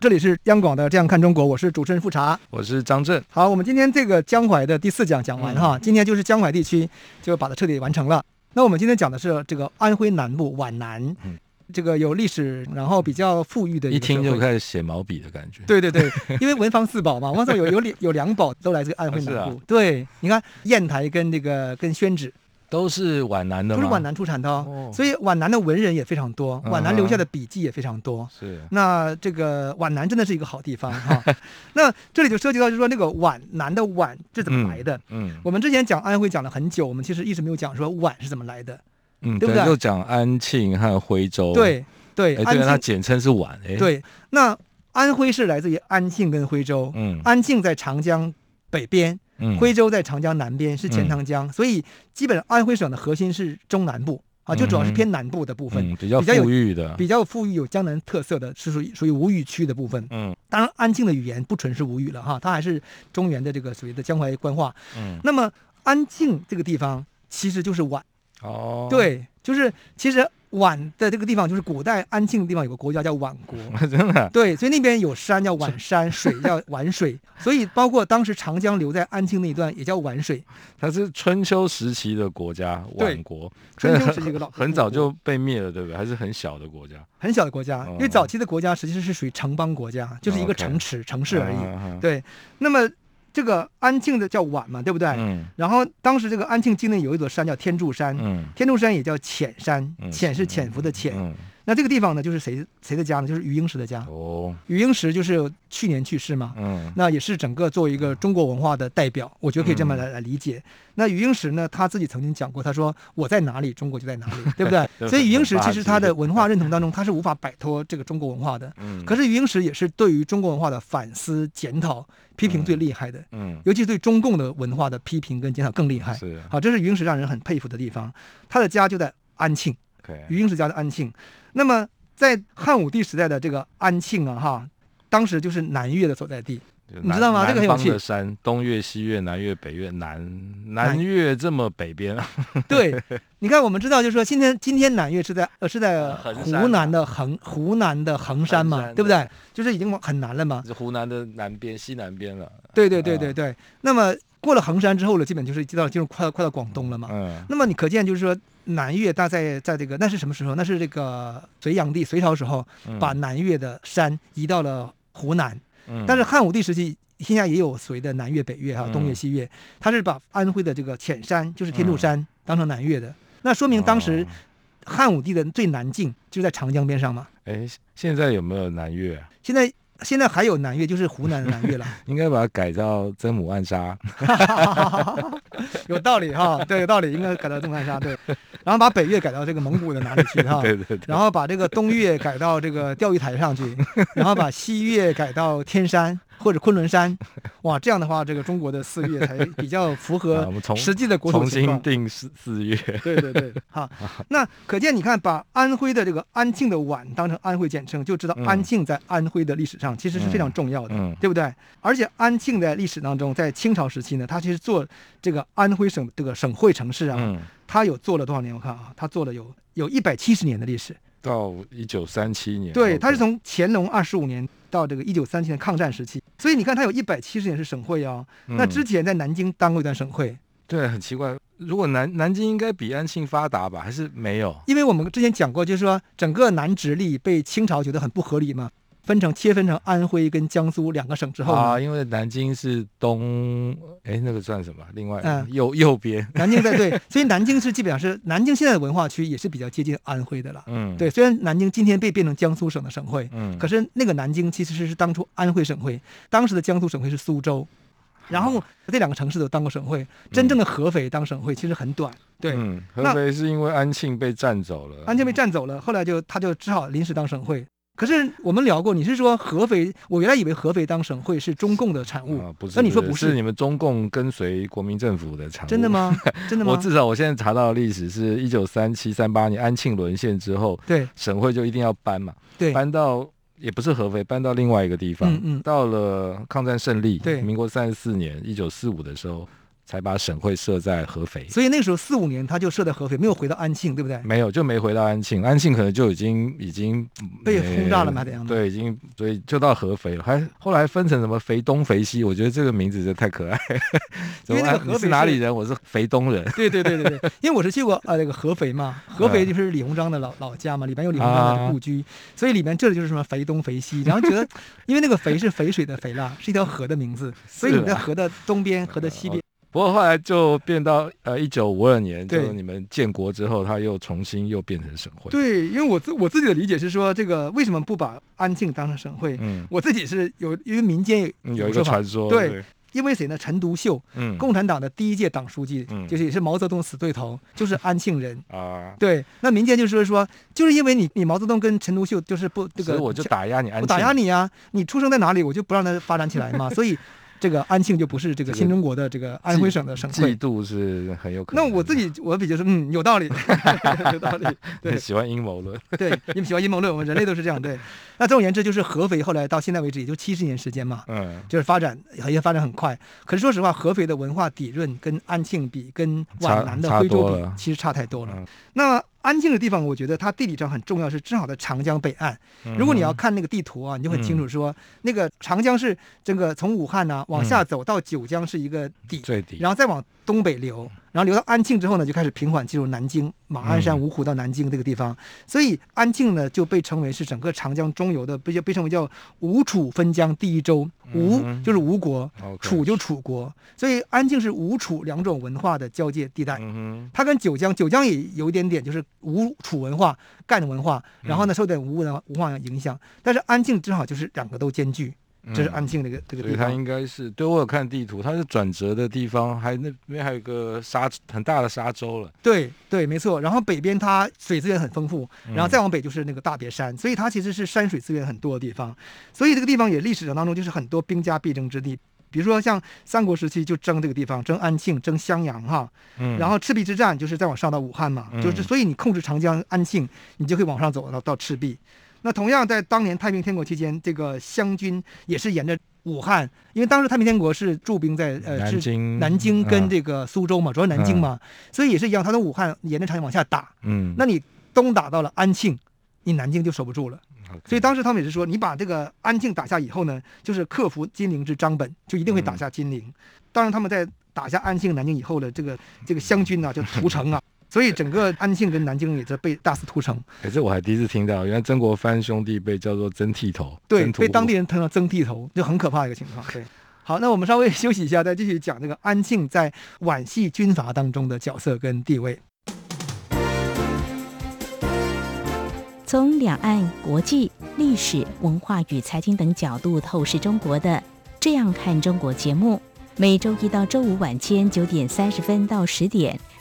這裡是央廣的《這樣看中國》，我是主持人富察，我是張正。好，我們今天這個江淮的第四講講完哈，嗯、今天就是江淮地區就把它徹底完成了。那我們今天講的是這個安徽南部皖南，嗯、這個有歷史，然後比較富裕的一。一聽就開始寫毛筆的感覺。對對對，因為文房四寶嘛，至少 有有兩有兩寶都來自安徽南部。哦啊、對，你看硯台跟這、那個跟宣紙。都是皖南的，都是皖南出產的，哦。所以皖南的文人也非常多，皖南留下的筆記也非常多。是，那這個皖南真的是一個好地方哈。那這裡就涉及到，就是說那個皖南的皖是怎麼來的？嗯，我們之前講安徽講了很久，我們其實一直沒有講說皖是怎麼來的。嗯，對不對？又講安慶和徽州。對對，安慶它簡稱是皖。哎，對。那安徽是來自於安慶跟徽州。嗯，安慶在長江北邊。徽州在長江南邊，是錢塘江，嗯、所以基本上安徽省的核心是中南部，嗯、啊，就主要是偏南部的部分，嗯、比較比較有富裕的，比較富裕有江南特色的，是屬於屬於吳語區的部分。嗯，當然安慶的語言不純是吳語了哈，它還是中原的這個所謂的江淮官話。嗯，那麼安慶這個地方其實就是皖，哦，對，就是其實。皖的這個地方，就是古代安慶的地方有個國家叫皖國， 真的、啊、對，所以那邊有山叫皖山， 水叫皖水，所以包括當時長江流在安慶那一段也叫皖水。它是春秋時期的國家皖國，對為春秋時期的老很早就被滅了，對不對？還是很小的國家，很小的國家，嗯嗯，因為早期的國家實際上是屬於城邦國家，就是一個城池，Okay 城市而已。嗯嗯嗯對，那麼。這個安慶的叫皖嘛，對不對？嗯，然後當時這個安慶境內有一座山叫天柱山，嗯，天柱山也叫潛山，潛，嗯，是潛伏的潛。嗯嗯嗯那這個地方呢，就是誰誰的家呢？就是余英時的家。哦，余英時就是去年去世嘛。嗯。那也是整個作為一個中國文化的代表，我覺得可以這麼來、嗯、來理解。那余英時呢，他自己曾經講過，他說：“我在哪裡，中國就在哪裡，嗯、對不對？”所以余英時其實他的文化認同當中，他是無法擺脫這個中國文化的。嗯、可是余英時也是對於中國文化的反思、檢討、批評最厲害的。嗯嗯、尤其是對中共的文化的批評跟檢討更厲害。是好，這是余英時讓人很佩服的地方。他的家就在安慶。嗯、余英時家在安慶。那麼，在漢武帝時代的這個安慶啊，哈，當時就是南嶽的所在地，你知道嗎？南這個很有趣的山東嶽、西嶽、南嶽、北嶽，南，南南嶽這麼北邊、啊。對， 你看，我們知道，就是說，今天今天南嶽是在呃是在湖南的衡湖南的衡山嘛，山對不對？對就是已經往很南了嘛。湖南的南邊、西南邊了。對對對對對。嗯、那麼。過了衡山之後呢，基本就是就到就是快到快到廣東了嘛。嗯。那麼你可見就是說南嶽大概在，在這個那是什麼時候？那是這個隋煬帝隋朝時候，把南嶽的山移到了湖南。嗯。但是漢武帝時期，現在也有所謂的南嶽、北嶽哈，東嶽、西嶽，嗯、他是把安徽的這個潛山，就是天柱山，嗯、當成南嶽的。那說明當時漢武帝的最南境就是在長江邊上嘛。哎、哦，現在有沒有南嶽？現在。現在還有南嶽，就是湖南的南嶽了。 應該把它改到曾母暗沙， 有道理哈、哦。對，有道理，應該改到曾母暗沙。對，然後把北嶽改到這個蒙古的哪裡去哈？對對。然後把這個東嶽改到這個釣魚台上去，然後把西嶽改到天山。或者昆崙山，哇，這樣的話，這個中國的四月才比較符合實際的國土情況、 啊、重新定四四月， 對對對，哈。 那可見，你看，把安徽的這個安慶的皖當成安徽簡稱，就知道安慶在安徽的歷史上其實是非常重要的，嗯、對不對？而且安慶在歷史當中，在清朝時期呢，它其實做這個安徽省這個省會城市啊，嗯、它有做了多少年？我看啊，它做了有有一百七十年的歷史，到一九三七年。對，它是從乾隆二十五年。到這個一九三七年抗戰時期，所以你看它有一百七十年是省會哦。那之前在南京當過一段省會，嗯、對，很奇怪。如果南南京應該比安慶發達吧，還是沒有？因為我們之前講過，就是說整個南直隸被清朝覺得很不合理嘛。分成切分成安徽跟江蘇兩個省之後啊，因為南京是東，誒，那個算什麼？另外嗯，右右邊，南京在對，所以南京是基本上是南京現在的文化區也是比較接近安徽的了。嗯，對，雖然南京今天被變成江蘇省的省會，嗯，可是那個南京其實是是當初安徽省會，當時的江蘇省會是蘇州，然後這兩個城市都當過省會，真正的合肥當省會其實很短，對，嗯，合肥是因為安慶被占走了，安慶被占走了，後來就他就只好臨時當省會。可是我們聊過，你是說合肥？我原來以為合肥當省會是中共的產物，是啊、不是那你說，不是？是你們中共跟隨國民政府的產物？真的嗎？真的嗎？ 我至少我現在查到的歷史是，一九三七、三八年安慶淪陷之後，對，省會就一定要搬嘛，對，搬到也不是合肥，搬到另外一個地方，對嗯，嗯到了抗戰勝利，對，民國三十四年一九四五的時候。才把省會設在合肥，所以那個時候四五年他就設在合肥，沒有回到安慶，對不對？沒有，就沒回到安慶。安慶可能就已經已經、哎、被轟炸了嘛，這樣子？對，已經，所以就到合肥了。還後來分成什麼肥東、肥西？我覺得這個名字真的太可愛。你是哪裡人？我是肥東人。 對對對對對，因為我是去過呃那個合肥嘛，合肥就是李鴻章的老老家嘛，裡面有李鴻章的故居，啊、所以裡面這裡就是什麼肥東、肥西。然後覺得，因為那個肥是肥水的肥啦， 是一條河的名字，所以你在河的東邊、河、啊、的西邊。啊不過後來就變到呃，一九五二年，就是你們建國之後，他又重新又變成省會。對，因為我自我自己的理解是說，這個為什麼不把安慶當成省會？嗯，我自己是有因為民間有一個傳說，對，對因為誰呢？陳獨秀，嗯，共產黨的第一屆黨書記，嗯、就是也是毛澤東死對頭，就是安慶人啊。對，那民間就是說，就是因為你你毛澤東跟陳獨秀就是不這個，所以我就打壓你安慶，我打壓你呀、啊，你出生在哪裡，我就不讓他發展起來嘛， 所以。這個安慶就不是這個新中國的這個安徽省的省會，嫉妒是很有可能。那我自己我比較說，嗯，有道理， 有道理。對，喜歡陰謀論，對， 你們喜歡陰謀論，我們人類都是這樣，對。那總而言之，就是合肥後來到現在為止也就七十年時間嘛，嗯，就是發展，好像發展很快。可是說實話，合肥的文化底蘊跟安慶比，跟皖南的徽州比，其實差太多了。多了嗯，那。安慶的地方，我覺得它地理上很重要，是正好在長江北岸。如果你要看那個地圖啊，嗯、你就很清楚說，說、嗯、那個長江是這個從武漢呢、啊、往下走到九江是一個底，嗯、最底然後再往東北流。然後流到安慶之後呢，就開始平緩進入南京、馬鞍山、蕪湖到南京這個地方，嗯、所以安慶呢就被稱為是整個長江中游的被被稱為叫吳楚分江第一州，吳就是吳國，嗯、楚就楚國，Okay. 所以安慶是吳楚兩種文化的交界地帶，它、嗯、跟九江九江，也有一點點就是吳楚文化贛文化，然後呢受點吳文文化影響，嗯、但是安慶正好就是兩個都兼具。這是安慶的一個這個地方，嗯、所以它應該是對我有看地圖，它是轉折的地方，還那邊還有一個沙很大的沙洲了。對對，沒錯。然後北邊它水資源很豐富，然後再往北就是那個大別山，嗯、所以它其實是山水資源很多的地方。所以這個地方也歷史上當中就是很多兵家必爭之地，比如說像三國時期就爭這個地方，爭安慶，爭襄陽哈。嗯、然後赤壁之戰就是再往上到武漢嘛，就是所以你控制長江安慶，你就可以往上走到到赤壁。那同樣在當年太平天國期間，這個湘軍也是沿着武漢，因為當時太平天國是駐兵在呃南京、南京跟這個蘇州嘛，嗯、主要南京嘛，嗯、所以也是一樣，他從武漢沿着長江往下打。嗯，那你東打到了安慶，你南京就守不住了。嗯、所以當時他們也是說，你把這個安慶打下以後呢，就是克服金陵之張本，就一定會打下金陵。嗯、當然他們在打下安慶、南京以後的這個這個湘軍呢就屠城啊。 所以整個安慶跟南京也在被大肆屠城。可是我還第一次聽到，原來曾國藩兄弟被叫做“曾剃頭”，對，被當地人稱作“曾剃頭”，就很可怕的一個情況。對，好，那我們稍微休息一下，再繼續講這個安慶在皖系軍閥當中的角色跟地位。從兩岸、國際、歷史、文化與財經等角度透視中國的，這樣看中國節目，每週一到週五晚間九點三十分到十點，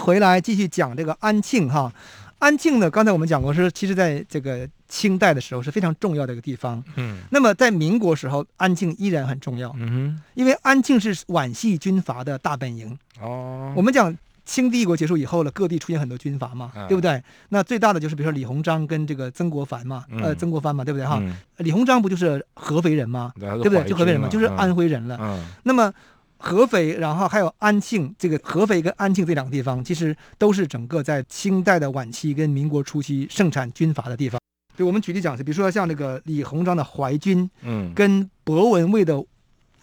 回來繼續講這個安慶哈，安慶呢，剛才我們講過是，其實在這個清代的時候是非常重要的一個地方，嗯，那麼在民國時候，安慶依然很重要，嗯哼，因為安慶是皖系軍閥的大本營，哦，我們講清帝國結束以後了，各地出現很多軍閥嘛，嗯、對不對？那最大的就是比如說李鴻章跟這個曾國藩嘛，嗯、呃，曾國藩嘛，對不對哈？嗯、李鴻章不就是合肥人嗎？對，對不對？就合肥人嘛，嗯、就是安徽人了，嗯，嗯那麼。合肥，然後還有安慶，這個合肥跟安慶這兩個地方，其實都是整個在清代的晚期跟民國初期盛產軍閥的地方。對，我們舉例講一下，比如說像那個李鴻章的淮軍，嗯，跟柏文蔚的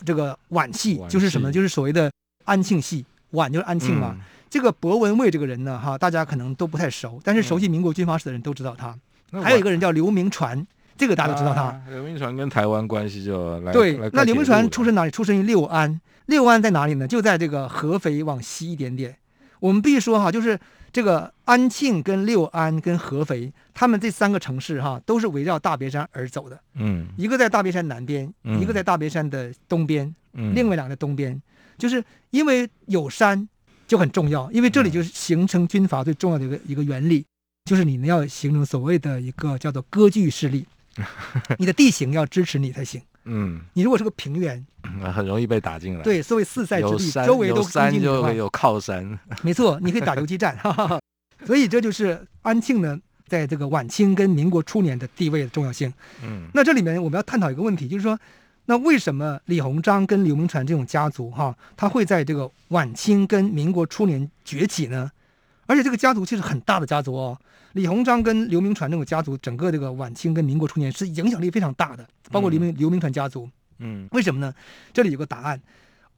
這個皖系，嗯、就是什麼皖系，就是所謂的安慶系，皖就是安慶嘛。嗯、這個柏文蔚這個人呢，哈，大家可能都不太熟，但是熟悉民國軍閥史的人都知道他。嗯、還有一個人叫劉銘傳，這個大家都知道他。啊、劉銘傳跟台灣關係就來對，來那劉銘傳出生哪裡？出生於六安。六安在哪裡呢？就在這個合肥往西一點點。我們必須說哈，就是這個安慶跟六安跟合肥，他們這三個城市哈，都是圍繞大別山而走的。嗯，一個在大別山南邊，嗯、一個在大別山的東邊，嗯、另外兩個在東邊。就是因為有山就很重要，因為這裡就是形成軍閥最重要的一個一個原理，嗯、就是你們要形成所謂的一個叫做割據勢力， 你的地形要支持你才行。嗯，你如果是個平原。很容易被打進來。對，所謂四塞之地，山周圍都山就有靠山。 沒錯，你可以打游擊戰。 所以這就是安慶呢，在這個晚清跟民國初年的地位的重要性。嗯，那這裡面我們要探討一個問題，就是說，那為什麼李鴻章跟劉銘傳這種家族哈、啊，他會在這個晚清跟民國初年崛起呢？而且這個家族其實很大的家族哦，李鴻章跟劉銘傳這種家族，整個這個晚清跟民國初年是影響力非常大的，包括劉銘、嗯、劉銘傳家族。嗯，為什麼呢？這裡有個答案。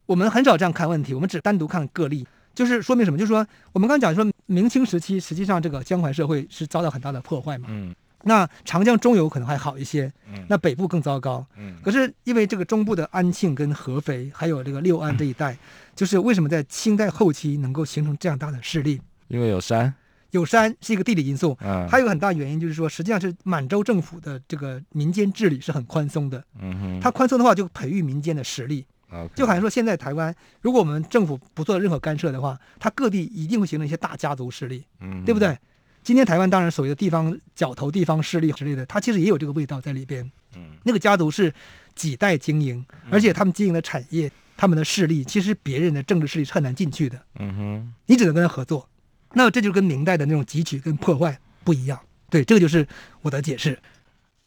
我們很少這樣看問題，我們只單獨看個例，就是說明什麼？就是說，我們剛剛講說，明清時期實際上這個江淮社會是遭到很大的破壞嘛。嗯。那長江中游可能還好一些，嗯。那北部更糟糕，嗯。可是因為這個中部的安慶跟合肥還有這個六安這一帶，嗯，就是為什麼在清代後期能夠形成這樣大的勢力？因為有山。有山是一個地理因素，還有很大原因就是說，實際上是滿洲政府的這個民間治理是很寬鬆的。它寬鬆的話就培育民間的實力。就好像說現在台灣，如果我們政府不做任何干涉的話，它各地一定會形成一些大家族勢力。對不對？今天台灣當然所謂的地方角頭、地方勢力之類的，它其實也有這個味道在裡邊。那個家族是幾代經營，而且他們經營的產業、他們的勢力，其實別人的政治勢力是很難進去的。你只能跟他合作。那這就跟明代的那種汲取跟破壞不一樣，對，這個就是我的解釋。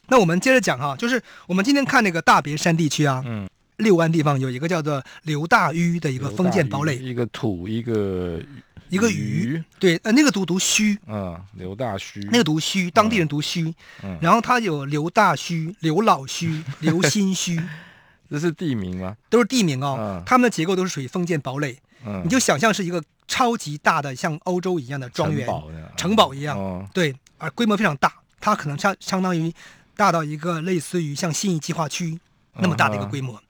那我們接着講哈、啊，就是我們今天看那個大別山地區啊，嗯，六安地方有一個叫做劉大圩的一個封建堡壘，一個土一個一個魚。對，呃，那個讀讀圩，嗯，劉大圩，那個讀圩，當地人讀圩、嗯，嗯，然後他有劉大圩、劉老圩、劉新圩，這是地名嗎？都是地名啊、哦，他、嗯、們的結構都是屬於封建堡壘，嗯、你就想象是一個。超級大的，像歐洲一樣的莊園、城堡，城堡一樣，哦、對，而規模非常大，它可能相相當於大到一個類似於像信義計劃區那麼大的一個規模。嗯啊、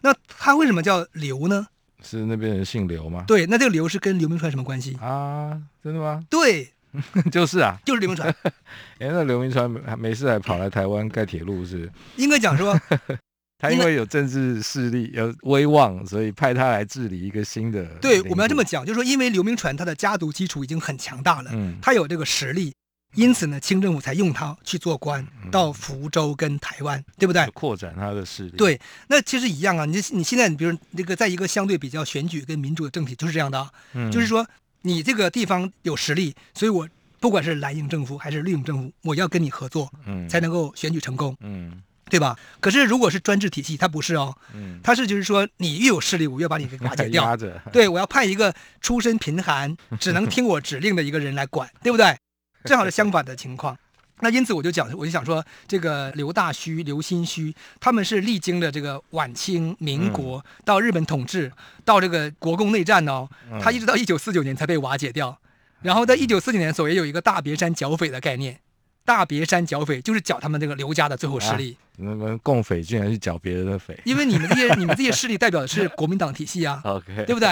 那它為什麼叫劉呢？是那邊人姓劉嗎？對，那這個劉是跟劉銘傳什麼關係啊？真的嗎？對， 就是啊，就是劉銘傳。 哎，那劉銘傳沒事還跑來台灣蓋鐵路是？應該講說。 他因為有政治勢力，因為有威望，所以派他來治理一個新的。對，我們要這麼講，就是說，因為劉銘傳他的家族基礎已經很強大了，嗯、他有這個實力，因此呢，清政府才用他去做官，到福州跟台灣，嗯、對不對？擴展他的勢力。對，那其實一樣啊，你你現在，比如那個在一個相對比較選舉跟民主的政體，就是這樣的，嗯，就是說你這個地方有實力，所以我不管是藍營政府還是綠營政府，我要跟你合作，嗯，才能夠選舉成功，嗯。嗯對吧？可是如果是專制體系，它不是哦，它是就是說，你越有勢力，我越把你給瓦解掉。嗯、對，我要派一個出身貧寒、只能聽我指令的一個人來管，對不對？正好是相反的情況。 那因此我就講，我就想說，這個劉大虛、劉心虛，他們是歷經了這個晚清、民國、嗯、到日本統治，到這個國共內戰哦，他一直到一九四九年才被瓦解掉。嗯、然後在一九四九年左右，也有一個大別山剿匪的概念。大別山剿匪就是剿他們這個劉家的最後勢力。你們、啊、共匪竟然去剿別人的匪？因為你們這些、你們這些勢力代表的是國民黨體系啊， 對不對？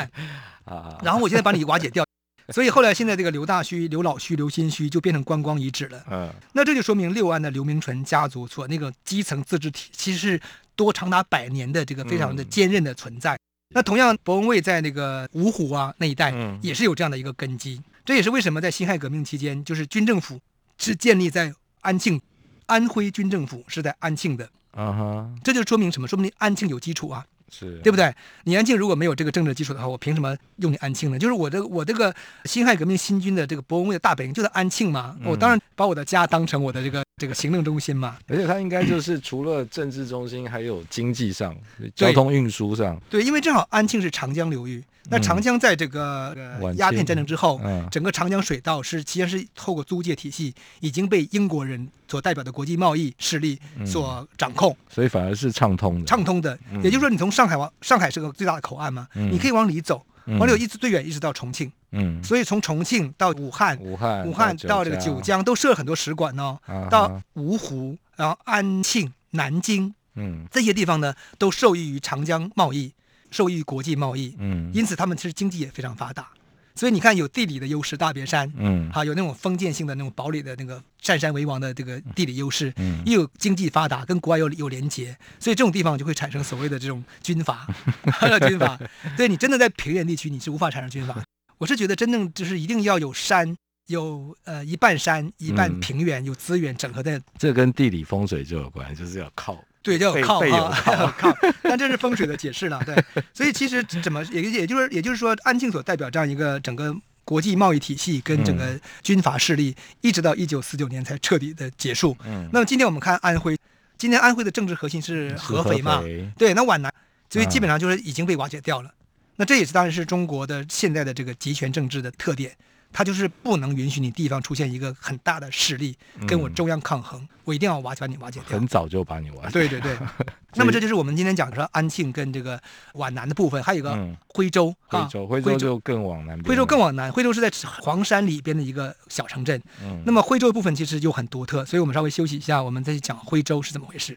啊。 然後我現在把你瓦解掉， 所以後來現在這個劉大圩、劉老圩、劉新圩就變成觀光遺址了。嗯。那這就說明六安的劉明純家族，所那個基層自治體其實是多長達百年的這個非常的堅韌的存在。嗯、那同樣，柏文蔚在那個蕪湖啊那一帶也是有這樣的一個根基。嗯、這也是為什麼在辛亥革命期間，就是軍政府。是建立在安慶，安徽軍政府是在安慶的，啊哈、uh-huh. 這就說明什麼？說明安慶有基礎啊，是，對不對？你安慶如果沒有這個政治基礎的話，我憑什麼用你安慶呢？就是我這個我這個辛亥革命新軍的這個博文衛的大本營就在安慶嘛，嗯、我當然把我的家當成我的這個這個行政中心嘛。而且它應該就是除了政治中心，還有經濟上、 交通運輸上。對，對，因為正好安慶是長江流域。那長江在這個鴉片戰爭之後，嗯、整個長江水道是其實是透過租界體系，已經被英國人所代表的國際貿易勢力所掌控，嗯、所以反而是暢通的。暢通的，也就是說，你從上海往、嗯、上海是個最大的口岸嘛，嗯、你可以往裡走，往裡走一直最遠一直到重慶。嗯，所以從重慶到武漢，武漢武漢到這個九江都設了很多使館呢。啊哈、到蕪湖，然後安慶、南京，嗯，這些地方呢都受益於長江貿易。受益於國際貿易，嗯，因此他們其實經濟也非常發達，所以你看有地理的優勢，大別山，嗯，哈，有那種封建性的那種堡壘的那個佔山為王的這個地理優勢，嗯，又有經濟發達，跟國外有有連接，所以這種地方就會產生所謂的這種軍閥， 軍閥。對，你真的在平原地區，你是無法產生軍閥。我是覺得真正就是一定要有山，有呃一半山一半平原，嗯、有資源整合在。這跟地理風水就有關，就是要靠。對，叫靠，靠啊，靠！但這是風水的解釋了。 對，所以其實怎麼也也就是也就是說，安慶所代表這樣一個整個國際貿易體系，跟整個軍閥勢力，一直到一九四九年才徹底的結束。嗯，那麼今天我們看安徽，今天安徽的政治核心是合肥嘛？是合肥，對，那皖南所以基本上就是已經被瓦解掉了。嗯，那這也是當然是中國的現在的這個集權政治的特點。他就是不能允許你地方出現一個很大的勢力跟我中央抗衡，嗯、我一定要瓦解你，瓦解掉。很早就把你瓦解掉。對對對。所以，那麼這就是我們今天講說安慶跟這個皖南的部分，還有一個徽州啊、嗯，徽州，啊、徽州，徽州就更往南邊。徽州更往南，徽州是在黃山裡邊的一個小城鎮。嗯、那麼徽州的部分其實就很獨特，所以我們稍微休息一下，我們再去講徽州是怎麼回事。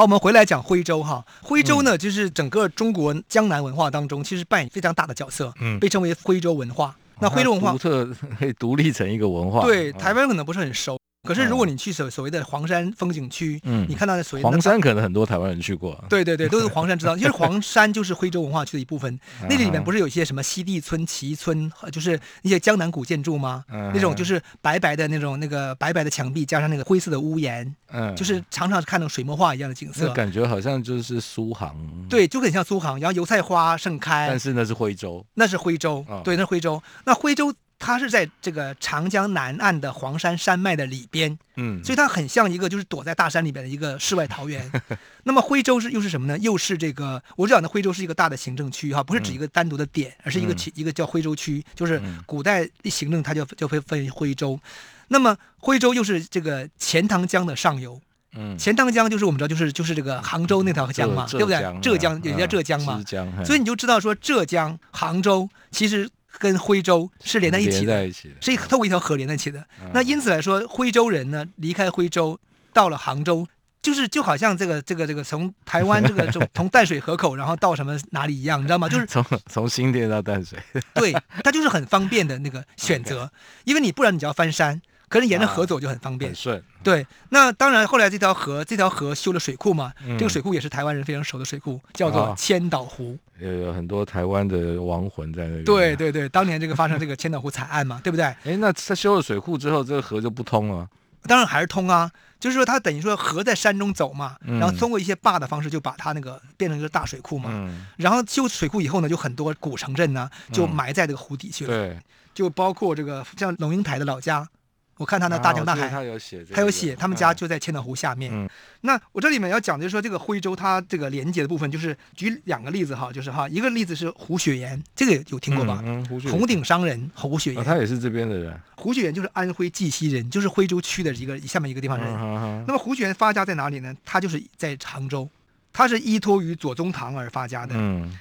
好、哦，我們回來講徽州哈。徽州呢，嗯、就是整個中國江南文化當中，其實扮演非常大的角色，嗯、被稱為徽州文化。嗯、那徽州文化獨特，可以獨立成一個文化。對，台灣可能不是很熟。嗯可是，如果你去所所謂的黃山風景區，嗯，你看到的所謂的、那個、黃山，可能很多台灣人去過。對對對，都是黃山知道，因為 黃山就是徽州文化區的一部分。 那裡裡面不是有一些什麼西遞村、齊村，就是那些江南古建築嗎？嗯、那種就是白白的那種那個白白的牆壁，加上那個灰色的屋檐，嗯，就是常常看到水墨畫一樣的景色，感覺好像就是蘇杭。對，就很像蘇杭，然後油菜花盛開。但是那是徽州，那是徽州，哦、對，那是徽州。那徽州。它是在這個長江南岸的黃山山脈的裡邊，嗯，所以它很像一個就是躲在大山裡邊的一個世外桃源。呵呵，那麼徽州是又是什麼呢？又是這個，我講的徽州是一個大的行政區哈，嗯、不是指一個單獨的點，而是一個、嗯、一個叫徽州區，就是古代行政它叫就，就分分徽州。嗯、那麼徽州又是這個錢塘江的上游，嗯，錢塘江就是我們知道就是就是這個杭州那條江嘛，嗯江啊，對不對？浙江、啊，也叫浙江嘛，浙江。所以你就知道說浙江杭州其實，跟徽州是連在一起的，所以透過一條河連在一起的。嗯、那因此來說，徽州人呢離開徽州到了杭州，就是就好像這個這個這個從台灣這個從 淡水河口然後到什麼哪裡一樣，你知道嗎？就是從從新店到淡水， 對，它就是很方便的那個選擇，Okay 因為你不然你就要翻山，可是沿着河走就很方便。啊、很順。對。那當然後來這條河，這條河修了水庫嘛，嗯、這個水庫也是台灣人非常熟的水庫，叫做千島湖。哦呃，有有很多台灣的亡魂在那邊。啊、對對對，當年這個發生這個千島湖慘案嘛， 對不對？哎，那他修了水庫之後，這個河就不通了？當然還是通啊，就是說，他等於說河在山中走嘛，嗯、然後通過一些壩的方式，就把它那個變成一個大水庫嘛。嗯、然後修水庫以後呢，就很多古城鎮呢就埋在這個湖底去了，嗯、對，就包括這個像龍應台的老家。我看他那大江大海，啊、他有寫，他有寫，他們家就在千島湖下面。嗯、那我這裡面要講的就是說，這個徽州它這個連接的部分，就是舉兩個例子哈，就是哈，一個例子是胡雪岩，這個有聽過吧？嗯，胡紅頂商人胡雪岩，哦，他也是這邊的人。胡雪岩就是安徽績溪人，就是徽州區的一個下面一個地方人。嗯嗯嗯、那麼胡雪岩發家在哪裡呢？他就是在常州。他是依託於左宗棠而發家的，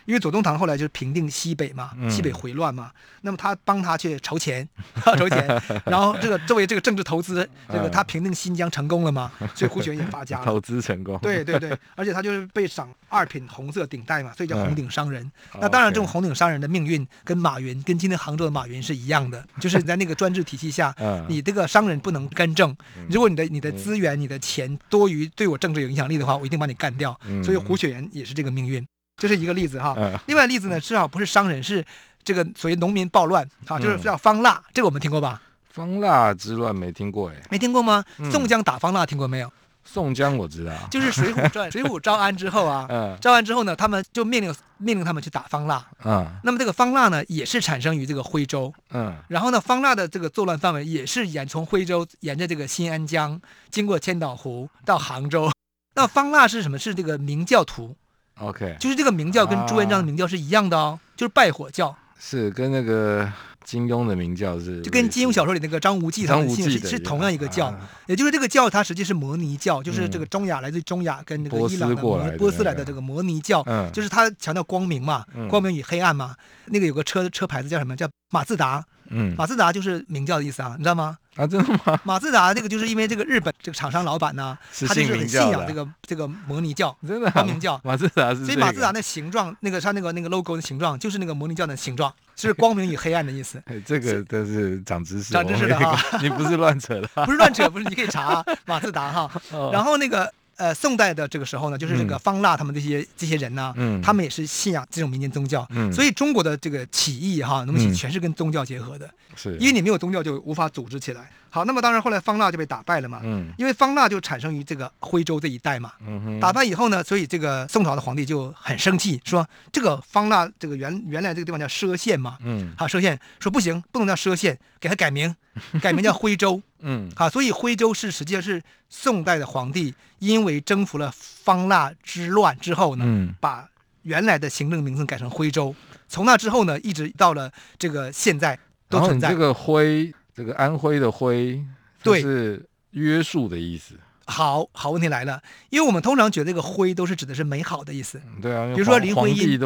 因為左宗棠後來就是平定西北嘛，西北回亂嘛，那麼他幫他去籌錢，籌錢，然後這個作為這個政治投資，這個他平定新疆成功了嘛，所以胡雪岩也發家了，投資成功。對對對，而且他就是被賞二品紅色頂戴嘛，所以叫紅頂商人。那當然，這種紅頂商人的命運跟馬雲，跟今天杭州的馬雲是一樣的，就是在那個專制體系下，你這個商人不能干政。如果你的你的資源、你的錢多於對我政治有影響力的話，我一定把你幹掉。所以胡雪岩也是這個命運，這是一個例子哈。嗯、另外的例子呢，至少不是商人，是這個所謂農民暴亂啊，就是叫方臘，嗯、這個我們聽過吧？方臘之亂沒聽過誒、欸，沒聽過嗎？宋江打方臘聽過沒有、嗯？宋江我知道，就是水《水滸傳》，水滸招安之後啊，招、嗯、安之後呢，他們就命令命令他們去打方臘啊。嗯、那麼這個方臘呢，也是產生於這個徽州，嗯，然後呢，方臘的這個作亂範圍也是沿從徽州沿着這個新安江，經過千島湖到杭州。那方臘是什麼？是這個明教徒，OK，就是這個明教跟朱元璋的明教是一樣的哦，啊、就是拜火教，是跟那個金庸的明教是，就跟金庸小說裡那個張無忌，他們信，是是同樣一個教，啊、也就是這個教它實際是摩尼教，啊、就是這個中亞來自中亞跟那個伊朗的、嗯、波斯過來的波斯來的這個摩尼教，嗯、就是他強調光明嘛，光明與黑暗嘛，嗯、那個有個車車牌子叫什麼？叫馬自達。嗯，馬自達就是明教的意思啊，你知道嗎？啊，真的嗎？馬自達這個就是因為這個日本這個廠商老板呢，他就是很信仰這個這個摩尼教，真的啊，明教。馬自達是，所以馬自達的形狀，那個它那個那個 logo 的形狀就是那個摩尼教的形狀，是光明與黑暗的意思。這個都是長知識，長知識的哈，你不是亂扯的，不是亂扯，不是你可以查馬自達哈。然後那個。呃，宋代的這個時候呢，就是這個方臘他們這些、嗯、這些人呢，嗯、他們也是信仰這種民間宗教，嗯、所以中國的這個起義哈，農民起義全是跟宗教結合的，嗯、因為你沒有宗教就無法組織起來。好，那麼當然後來方臘就被打敗了嘛，嗯、因為方臘就產生於這個徽州這一帶嘛，嗯、哼打敗以後呢，所以這個宋朝的皇帝就很生氣，說這個方臘這個原原來這個地方叫歙縣嘛，好、嗯，歙縣說不行，不能叫歙縣，給他改名，改名叫徽州。 嗯，好，所以徽州是實際上是宋代的皇帝，因為征服了方臘之亂之後呢，嗯，把原來的行政名稱改成徽州，從那之後呢，一直到了這個現在都存在。然後你這個徽，這個安徽的徽，對，是約束的意思。好好，問題來了，因為我們通常覺得這個“徽”都是指的是美好的意思。對啊，比如說林徽因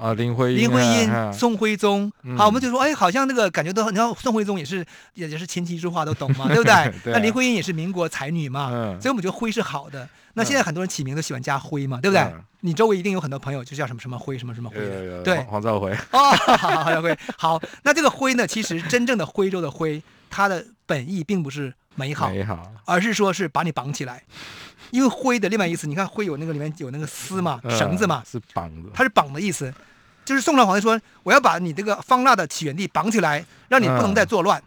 啊，林徽林徽因、宋徽宗。好，我們就說，哎，好像那個感覺都，你看宋徽宗也是，也是琴棋書畫都懂嘛，對不對？那林徽因也是民國才女嘛，所以我們覺得“徽”是好的。那現在很多人起名都喜歡加“徽”嘛，對不對？你周圍一定有很多朋友就叫什麼什麼徽、什麼什麼徽的。對，黃兆輝，黃兆輝。好，那這個“徽”呢，其實真正的徽州的“徽”，它的本意並不是。美好，美好，而是說是把你綁起來，因為“徽”的另外一個意思，你看“徽”有那個裡面有那個絲嘛，呃、繩子嘛，是綁的，它是綁的意思，就是宋朝皇帝說我要把你這個方臘的起源地綁起來，讓你不能再作亂。呃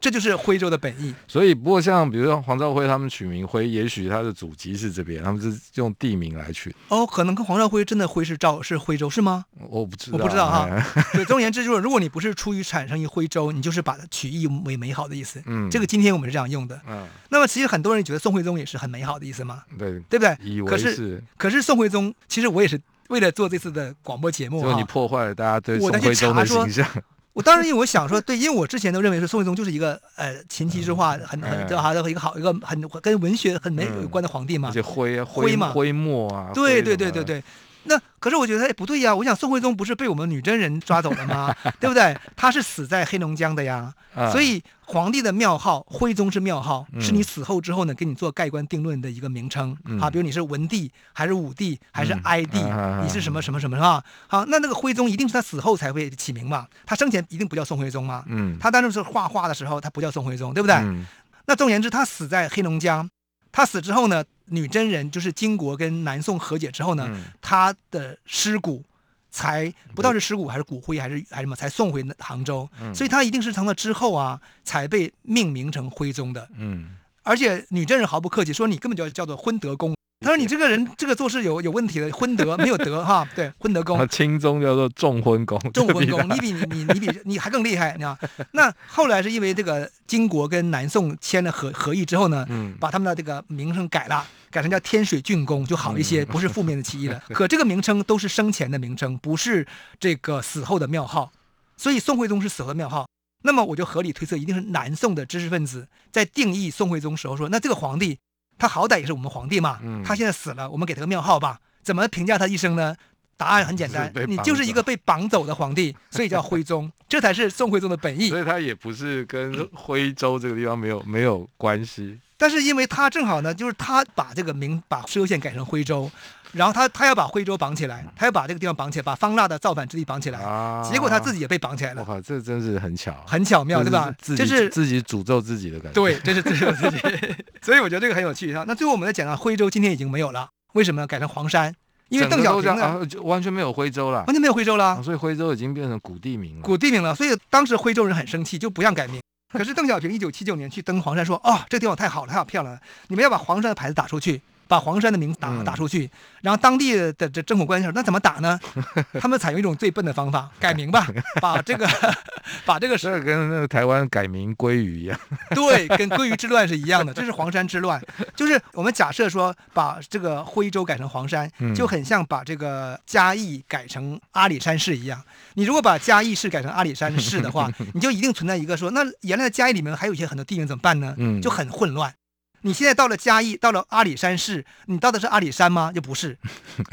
這就是徽州的本意。所以，不過像比如說黃兆輝他們取名“徽”，也許他的祖籍是這邊，他們是用地名來取。哦，可能跟黃兆輝真的“徽”是趙是徽州是嗎？我不知道、啊，我不知道哈、啊。 總而言之中，就是如果你不是出於產生於徽州，你就是把它取義為美好的意思。嗯，這個今天我們是這樣用的。嗯，嗯，那麼其實很多人覺得宋徽宗也是很美好的意思嘛？對，對不對？以為是可是。可是宋徽宗，其實我也是為了做這次的廣播節目，就你破壞了大家對宋徽宗的形象。我 我當時因為我想說，對，因為我之前都認為是宋徽宗就是一個，呃，琴棋書畫很很很啥的一個好一個很跟文學很沒關的皇帝嘛，就徽徽嘛，徽墨啊，對對對對對。那可是我覺得他也不對呀，啊，我想宋徽宗不是被我們女真人抓走了嗎？ 對不對？他是死在黑龍江的呀，啊，所以皇帝的廟號徽宗是廟號，嗯，是你死後之後呢，給你做蓋棺定論的一個名稱，嗯，啊。比如你是文帝還是武帝還是哀帝，嗯，你是什麼什麼什麼啊？好，啊，那那個徽宗一定是他死後才會起名嘛，他生前一定不叫宋徽宗嘛。嗯，他當時是畫畫的時候他不叫宋徽宗，對不對？嗯，那總而言之，他死在黑龍江。他死之後呢，女真人就是金國跟南宋和解之後呢，嗯、他的屍骨才不知道是屍骨還是骨灰還是還是什麼，才送回杭州。嗯、所以他一定是從那之後啊，才被命名成徽宗的。嗯，而且女真人毫不客氣說，你根本就叫，叫做昏德公。他說：“你這個人，這個做事有有問題的，昏德沒有德哈？對，昏德公，那欽宗叫做重昏公，重昏公，你比你你你比你還更厲害，你知道？那後來是因為這個金國跟南宋簽了和和議之後呢，嗯，把他們的這個名稱改了，改成叫天水郡公就好一些，嗯、不是負面的起義了。嗯、可這個名稱都是生前的名稱，不是這個死後的廟號。所以宋徽宗是死後的廟號，那麼我就合理推測，一定是南宋的知識分子在定義宋徽宗時候說，那這個皇帝。”他好歹也是我們皇帝嘛，嗯、他現在死了，我們給他個廟號吧。怎麼評價他一生呢？答案很簡單，你就是一個被綁走的皇帝，所以叫徽宗， 這才是宋徽宗的本意。所以他也不是跟徽州這個地方沒有、嗯、沒有關係。但是因為他正好呢，就是他把這個名把歙縣改成徽州，然後他他要把徽州綁起來，他要把這個地方綁起來，把方臘的造反之地綁起來，啊、結果他自己也被綁起來了。我靠，這真是很巧，很巧妙，就是、對吧？這己、就是自己詛咒自己的感覺。對，這、就是詛咒自己。 所以我覺得這個很有趣哈。那最後我們再講啊，徽州，今天已經沒有了，為什麼呢改成黃山？因為鄧小平、啊、完全沒有徽州了，完全沒有徽州了、啊，所以徽州已經變成古地名了。古地名了，所以當時徽州人很生氣，就不讓改名。可是鄧小平一九七九年去登黃山，說：“啊、哦，這個地方太好了，太好，漂亮了！你們要把黃山的牌子打出去。”把黃山的名字打打出去，嗯、然後當地的這政府官員說：“那怎麼打呢？他們採用一種最笨的方法， 改名吧，把這個，把這個事兒跟那個台灣改名鮭魚一樣， 對，跟鮭魚之亂是一樣的。 這是黃山之亂，就是我們假設說把這個徽州改成黃山，嗯、就很像把這個嘉義改成阿里山市一樣。你如果把嘉義市改成阿里山市的話，嗯、你就一定存在一個說，那原來的嘉義裡面還有一些很多地名怎麼辦呢？就很混亂。嗯”你現在到了嘉義，到了阿里山市，你到的是阿里山嗎？又不是，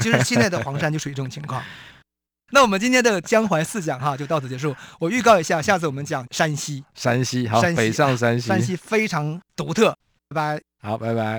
其實現在的黃山就屬於這種情況。 那我們今天的江淮四講哈就到此結束。我預告一下，下次我們講山西，山西好，山西北上山西，山西非常獨特。拜拜，好，拜拜。